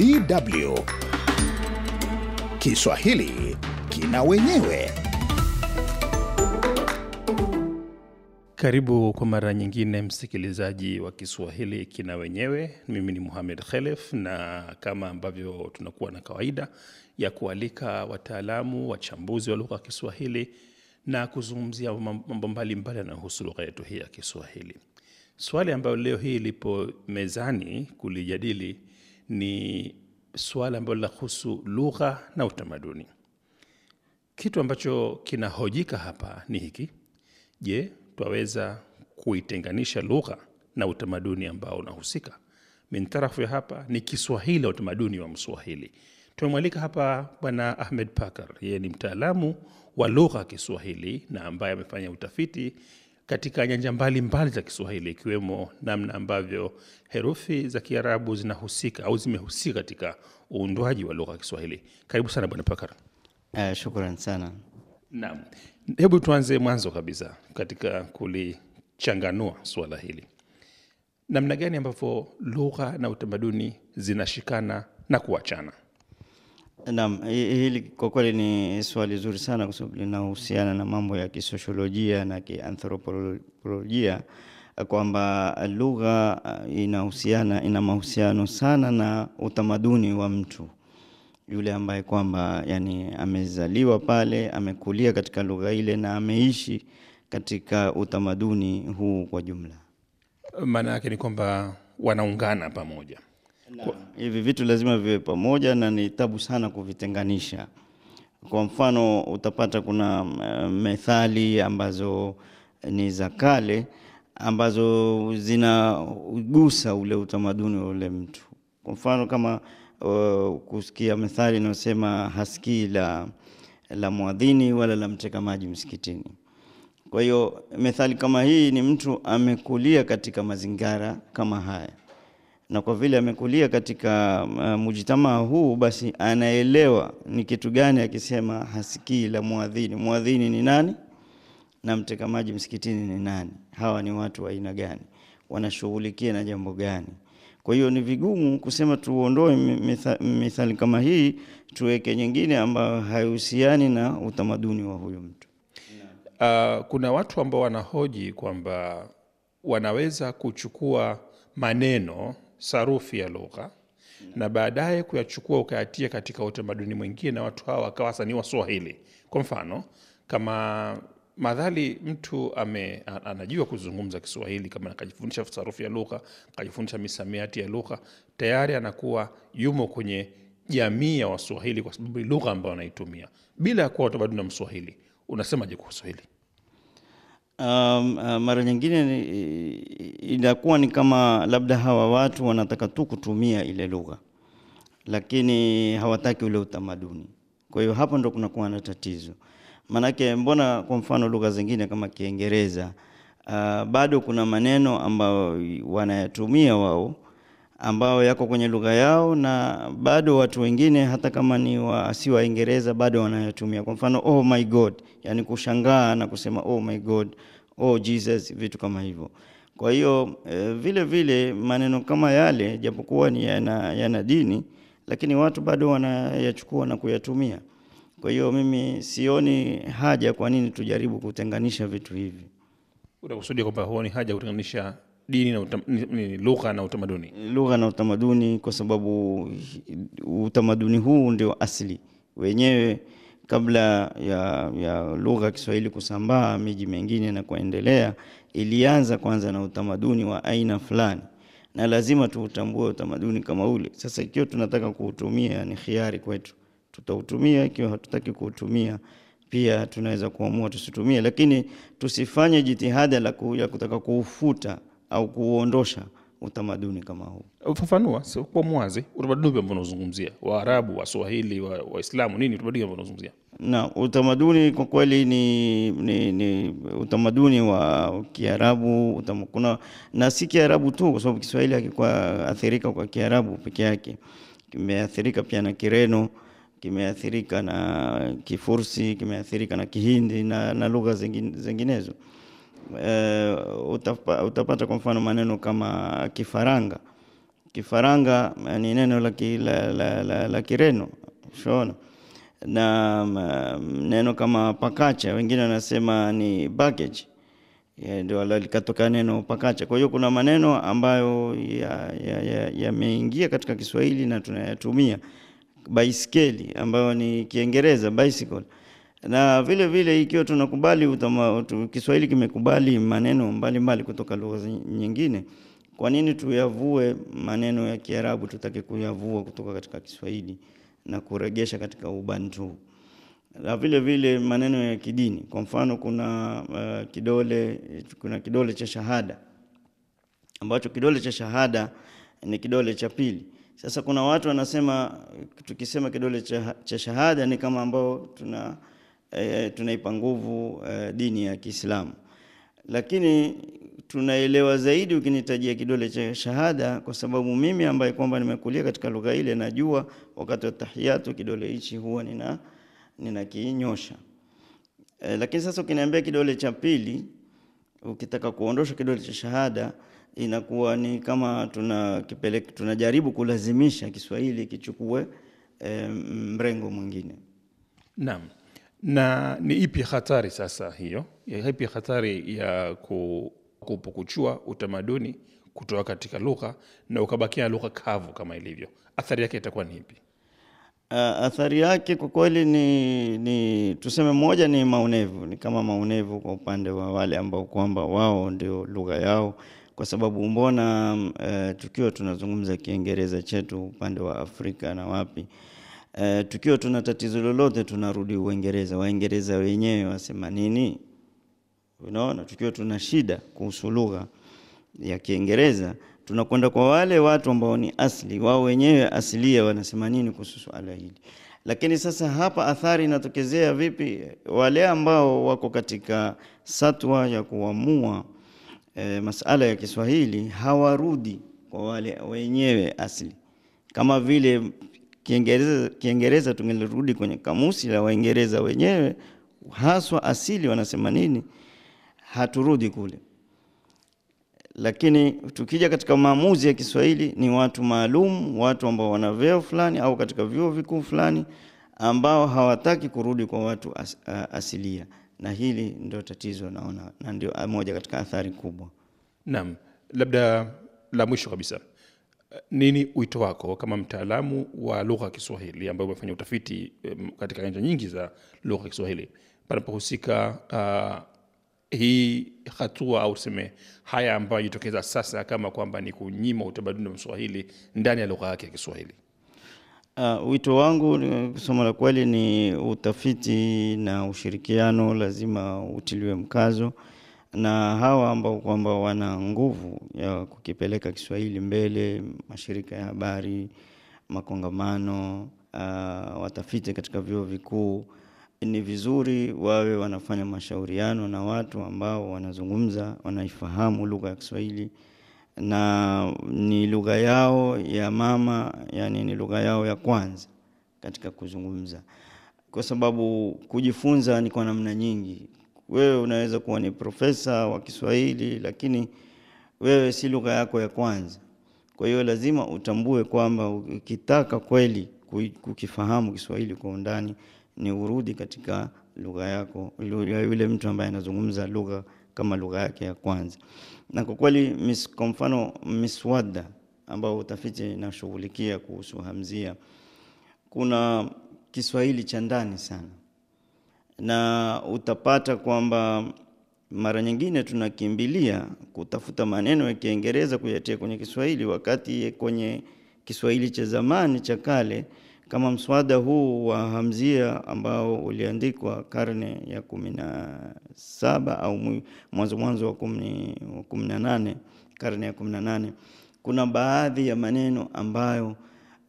DW Kiswahili kina wenyewe. Karibu kwa mara nyingine, msikilizaji wa Kiswahili kina wenyewe. Mimi ni Muhamed Khelef, na kama ambavyo tunakuwa na kawaida ya kualika wataalamu, wachambuzi wa lugha ya Kiswahili na kuzungumzia mambo mbalimbali yanayohusu lugha yetu hii ya Kiswahili. Swali ambayo leo hii lipo mezani kulijadili ni suala ambalo linahusu lugha na utamaduni. Kitu ambacho kinahojika hapa ni hiki: je, twaweza kuitenganisha lugha na utamaduni ambao unahusika? Mintarafu ya hapa ni Kiswahili na utamaduni wa Mswahili. Tumemwalika hapa Bwana Ahmed Pakar, yeye ni mtaalamu wa lugha ya Kiswahili na ambaye amefanya utafiti katika nyanja mbalimbali za Kiswahili ikiwemo namna ambavyo herufi za Kiarabu zinahusika au zimehusika katika uundwaji wa lugha ya Kiswahili. Karibu sana Bwana Pakar. Uh, eh, shukran sana. Naam, hebu tuanze mwanzo kabisa katika kulichanganua suala hili, namna gani ambavyo lugha na utamaduni zinashikana na kuachana. Naam, hili kwa kweli ni swali zuri sana kwa sababu linahusiana na mambo ya kisosiolojia na kianthropolojia kwamba lugha inahusiana ina mahusiano sana na utamaduni wa mtu yule ambaye kwamba yani amezaliwa pale, amekulia katika lugha ile na ameishi katika utamaduni huu kwa jumla. Maana yake ni kwamba wanaungana pamoja. Kwa, hivi vitu lazima viwe pamoja na ni tabu sana kuvitenganisha. Kwa mfano, utapata kuna eh, methali ambazo ni za kale ambazo zinagusa ule utamaduni wa ule mtu. Kwa mfano kama uh, kusikia methali inayosema hasikii la, la mwadhini wala la mteka maji msikitini. Kwa hiyo methali kama hii ni mtu amekulia katika mazingira kama haya na kwa vile amekulia katika uh, mujitamaa huu, basi anaelewa ni kitu gani akisema hasikii la muadhini. Muadhini ni nani na mteka maji msikitini ni nani? Hawa ni watu wa aina gani? Wanashughulikia na jambo gani? Kwa hiyo ni vigumu kusema tuondoe mithali kama hii tuweke nyingine ambayo haihusiani na utamaduni wa huyu mtu. Uh, kuna watu ambao wanahoji kwamba wanaweza kuchukua maneno sarufi ya lugha na baadaye kuyachukua ukayatia katika utamaduni mwingine, na watu hawa wakawa sasa ni Waswahili. Kwa mfano kama madhali mtu ame, anajua kuzungumza Kiswahili kama akajifundisha sarufi ya lugha, akajifundisha misamiati ya lugha, tayari anakuwa yumo kwenye jamii ya Waswahili kwa sababu lugha ambayo anaitumia. Bila ya kuwa utamaduni wa Mswahili, unasemaje kwa Kiswahili? um, uh, mara nyingine inakuwa ni kama labda hawa watu wanataka tu kutumia ile lugha, lakini hawataki ule utamaduni. Kwa hiyo hapo ndo kunakuwa na tatizo, maanake mbona kwa mfano lugha zingine kama Kiingereza uh, bado kuna maneno ambayo wanayatumia wao ambayo yako kwenye lugha yao, na bado watu wengine hata kama ni wa, si Waingereza bado wanayatumia. Kwa mfano oh my God, yani kushangaa na kusema oh my God, oh Jesus, vitu kama hivyo. Kwa hiyo eh, vile vile maneno kama yale japokuwa ni yana, yana dini, lakini watu bado wanayachukua na kuyatumia. Kwa hiyo mimi sioni haja kwa nini tujaribu kutenganisha vitu hivi. Unakusudia kwamba huoni haja kutenganisha dini na utam, lugha na utamaduni. Lugha na utamaduni, kwa sababu utamaduni huu ndio asili wenyewe. Kabla ya, ya lugha ya Kiswahili kusambaa miji mengine na kuendelea, ilianza kwanza na utamaduni wa aina fulani, na lazima tuutambue utamaduni kama ule. Sasa ikiwa tunataka kuutumia, ni hiari kwetu, tutautumia. Ikiwa hatutaki kuutumia pia tunaweza kuamua tusitumie, lakini tusifanye jitihada la kutaka kuufuta au kuondosha utamaduni kama huu. Ufafanua sio kwa mwazi, utamaduni ambao unazungumzia Waarabu, Waswahili, Waislamu, nini utamaduni ambao unazungumzia? Na utamaduni kwa kweli ni, ni, ni utamaduni wa Kiarabu utam, kuna na si Kiarabu tu, kwa sababu Kiswahili hakikuwa athirika kwa Kiarabu peke yake, kimeathirika pia na Kireno, kimeathirika na Kifursi, kimeathirika na Kihindi na, na lugha zingine, zinginezo eh, utapa, utapata kwa mfano maneno kama kifaranga. Kifaranga eh, ni neno la, ki, la, la, la, la Kireno shona na mm, neno kama pakacha wengine wanasema ni baggage eh, ndio likatoka neno pakacha. Kwa hiyo kuna maneno ambayo yameingia ya, ya, ya katika Kiswahili na tunayatumia. Baiskeli ambayo ni Kiingereza bicycle na vile vile ikiwa tunakubali utama, Kiswahili kimekubali maneno mbalimbali mbali kutoka lugha nyingine, kwa nini tuyavue maneno ya Kiarabu tutake kuyavua kutoka katika Kiswahili na kuregesha katika ubantu? Na vile vile maneno ya kidini, kwa mfano kuna uh, kidole kuna kidole cha shahada ambacho kidole cha shahada ni kidole cha pili. Sasa kuna watu wanasema tukisema kidole cha, cha shahada ni kama ambao tuna e, tunaipa nguvu e, dini ya Kiislamu, lakini tunaelewa zaidi ukinitajia kidole cha shahada, kwa sababu mimi ambaye kwamba nimekulia katika lugha ile najua wakati wa tahiyatu kidole hichi huwa nina ninakinyosha e, eh, lakini sasa ukiniambia kidole cha pili ukitaka kuondosha kidole cha shahada inakuwa ni kama tuna kipeleka, tunajaribu kulazimisha Kiswahili kichukue e, mrengo mwingine. Naam na ni ipi hatari sasa hiyo? Ya ipi hatari ya kupukuchua utamaduni kutoka katika lugha na ukabakia lugha kavu kama ilivyo, athari yake itakuwa ni ipi? Uh, athari yake kwa kweli ni, ni tuseme moja ni maonevu, ni kama maonevu kwa upande wa wale ambao kwamba wao ndio lugha yao, kwa sababu mbona uh, tukiwa tunazungumza Kiingereza chetu upande wa Afrika na wapi Uh, tukiwa tuna tatizo lolote tunarudi Uingereza, Waingereza wenyewe wasema nini? Unaona, tukiwa tuna shida kuhusu lugha ya Kiingereza tunakwenda kwa wale watu ambao ni asli wao wenyewe asilia, wanasema nini kuhusu swala hili. Lakini sasa hapa athari inatokezea vipi? Wale ambao wako katika satwa ya kuamua e, masala ya Kiswahili hawarudi kwa wale wenyewe asli, kama vile Kiingereza, Kiingereza tungelirudi kwenye kamusi la Waingereza wenyewe haswa asili wanasema nini, haturudi kule. Lakini tukija katika maamuzi ya Kiswahili ni watu maalum, watu ambao wana vyeo fulani au katika vyuo vikuu fulani ambao hawataki kurudi kwa watu as, a, asilia, na hili ndio tatizo naona, na ndio moja katika athari kubwa. Naam, labda la mwisho kabisa nini wito wako kama mtaalamu wa lugha ya Kiswahili ambayo umefanya utafiti um, katika nyanja nyingi za lugha ya Kiswahili panapohusika uh, hii hatua au tuseme haya ambayo jitokeza sasa kama kwamba ni kunyima utamaduni wa Mswahili ndani ya lugha yake ya Kiswahili? Uh, wito wangu kusoma la kweli ni utafiti na ushirikiano lazima utiliwe mkazo na hawa ambao kwamba wana nguvu ya kukipeleka Kiswahili mbele, mashirika ya habari, makongamano, uh, watafiti katika vyuo vikuu, ni vizuri wawe wanafanya mashauriano na watu ambao wanazungumza, wanaifahamu lugha ya Kiswahili na ni lugha yao ya mama, yani ni lugha yao ya kwanza katika kuzungumza, kwa sababu kujifunza ni kwa namna nyingi. Wewe unaweza kuwa ni profesa wa Kiswahili, lakini wewe si lugha yako ya kwanza. Kwa hiyo lazima utambue kwamba ukitaka kweli kukifahamu Kiswahili kwa undani ni urudi katika lugha yako, yule mtu ambaye anazungumza lugha kama lugha yake ya kwanza. Na kwa kweli, kwa mfano miswada ambao utafiti nashughulikia kuhusu hamzia, kuna Kiswahili cha ndani sana na utapata kwamba mara nyingine tunakimbilia kutafuta maneno ya Kiingereza kuyatia kwenye Kiswahili, wakati kwenye Kiswahili cha zamani cha kale kama mswada huu wa Hamzia ambao uliandikwa karne ya kumi na saba au mwanzo mwanzo wa kumi na nane karne ya kumi na nane kuna baadhi ya maneno ambayo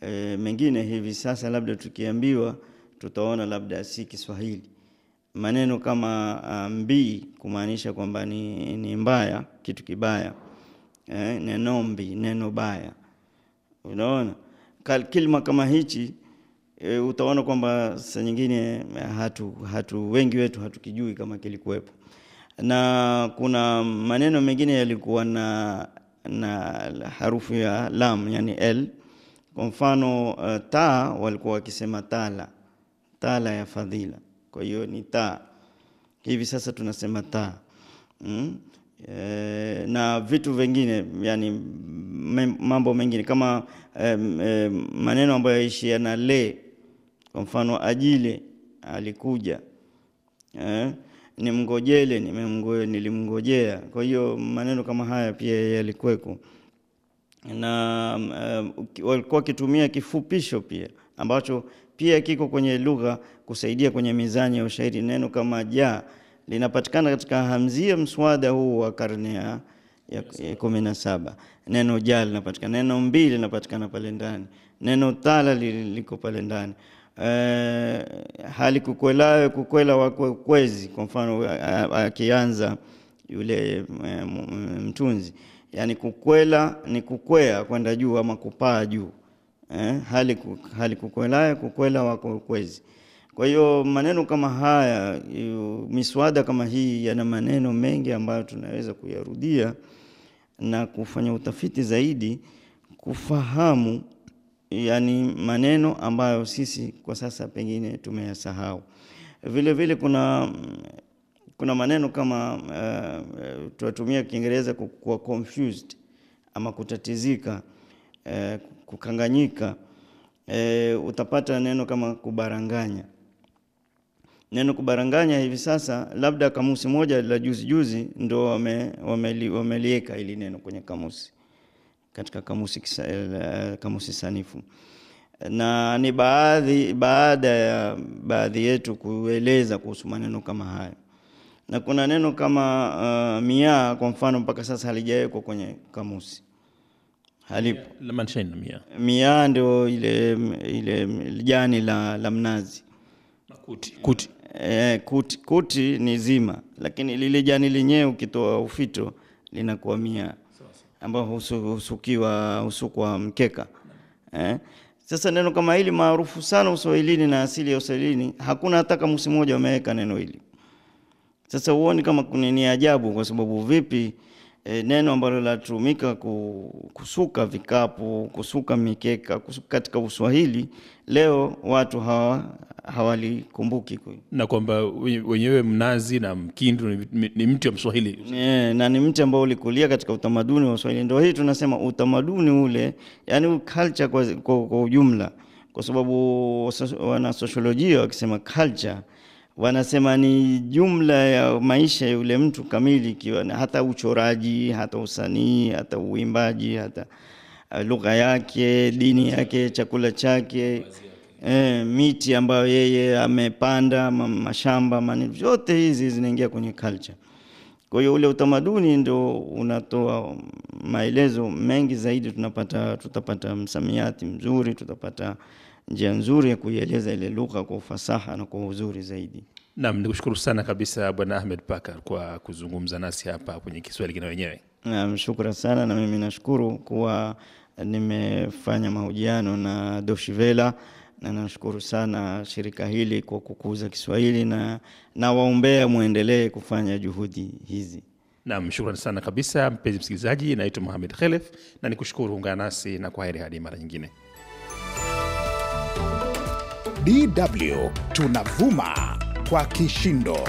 e, mengine hivi sasa labda tukiambiwa tutaona labda si Kiswahili maneno kama ah, mbii kumaanisha kwamba ni, ni mbaya kitu kibaya eh, neno mbi neno baya unaona kilma kama hichi e, utaona kwamba sa nyingine eh, hatu, hatu wengi wetu hatukijui kama kilikuwepo na kuna maneno mengine yalikuwa na, na harufu ya lam yani l kwa mfano uh, taa walikuwa wakisema tala tala ya fadhila kwa hiyo ni taa, hivi sasa tunasema taa mm? E, na vitu vingine yani mambo mengine kama em, em, maneno ambayo yaishia na le, kwa mfano ajile alikuja eh? Nimngojele nimemngoja, nilimngojea. Kwa hiyo maneno kama haya pia yalikuweko, na um, walikuwa wakitumia kifupisho pia ambacho pia kiko kwenye lugha kusaidia kwenye mizani ya ushairi. Neno kama ja linapatikana katika hamzia mswada huu wa karne ya kumi na saba. Neno ja linapatikana, neno mbili linapatikana pale ndani, neno tala liko pale ndani. Uh, hali kukwelawe kukwela kwezi Kwa mfano akianza yule eh, mtunzi, yani kukwela ni kukwea kwenda juu ama kupaa juu eh, hali, hali kukwelaya kukwela wako kwezi. Kwa hiyo maneno kama haya, miswada kama hii yana maneno mengi ambayo tunaweza kuyarudia na kufanya utafiti zaidi kufahamu yani maneno ambayo sisi kwa sasa pengine tumeyasahau. Vile vile kuna kuna maneno kama uh, eh, tunatumia Kiingereza kwa confused ama kutatizika uh, kukanganyika, e, utapata neno kama kubaranganya. Neno kubaranganya hivi sasa, labda kamusi moja la juzi juzi ndo wamelieka wame, wame ili neno kwenye kamusi katika kamusi, kisa, eh, kamusi sanifu na ni baadhi baada ya baadhi yetu kueleza kuhusu maneno kama hayo, na kuna neno kama uh, miaa kwa mfano mpaka sasa halijawekwa kwenye kamusi halipo. Mia, mia ndio ile, ile jani la, la mnazi kuti, kuti. Eh, e, kuti, kuti ni zima, lakini lile jani lenyewe ukitoa ufito linakuwa mia ambao husukiwa husukwa mkeka eh? Sasa neno kama hili maarufu sana Uswahilini na asili ya Uswahilini, hakuna hata kama moja ameweka neno hili. Sasa huoni kama ni ajabu? Kwa sababu vipi e, neno ambalo linatumika kusuka vikapu, kusuka mikeka, kusuka katika Uswahili leo watu hawa hawalikumbuki na kwamba wenyewe mnazi na mkindu ni, ni mti wa Mswahili e, na ni mti ambao ulikulia katika utamaduni wa Uswahili. Ndio hii tunasema utamaduni ule, yani culture kwa, kwa, kwa ujumla, kwa sababu wanasosiolojia wakisema culture wanasema ni jumla ya maisha ya yule mtu kamili, ikiwa hata uchoraji, hata usanii, hata uimbaji, hata eh, lugha yake, dini yake, chakula chake E, miti ambayo yeye amepanda, mashamba mani, vyote hizi zinaingia kwenye culture. Kwa hiyo ule utamaduni ndio unatoa maelezo mengi zaidi, tunapata tutapata msamiati mzuri, tutapata njia nzuri ya kuieleza ile lugha kwa ufasaha na kwa uzuri zaidi. Naam, nikushukuru sana kabisa Bwana Ahmed Pakar kwa kuzungumza nasi hapa kwenye Kiswahili Kina Wenyewe. Naam, shukran sana, na mimi nashukuru kuwa nimefanya mahojiano na doshivela na nashukuru sana shirika hili kwa kukuza Kiswahili na nawaombea mwendelee kufanya juhudi hizi. nam shukran sana kabisa mpenzi msikilizaji. Naitwa Mohamed Khelef na nikushukuru kuungana nasi na kwa heri hadi mara nyingine. DW tunavuma kwa kishindo.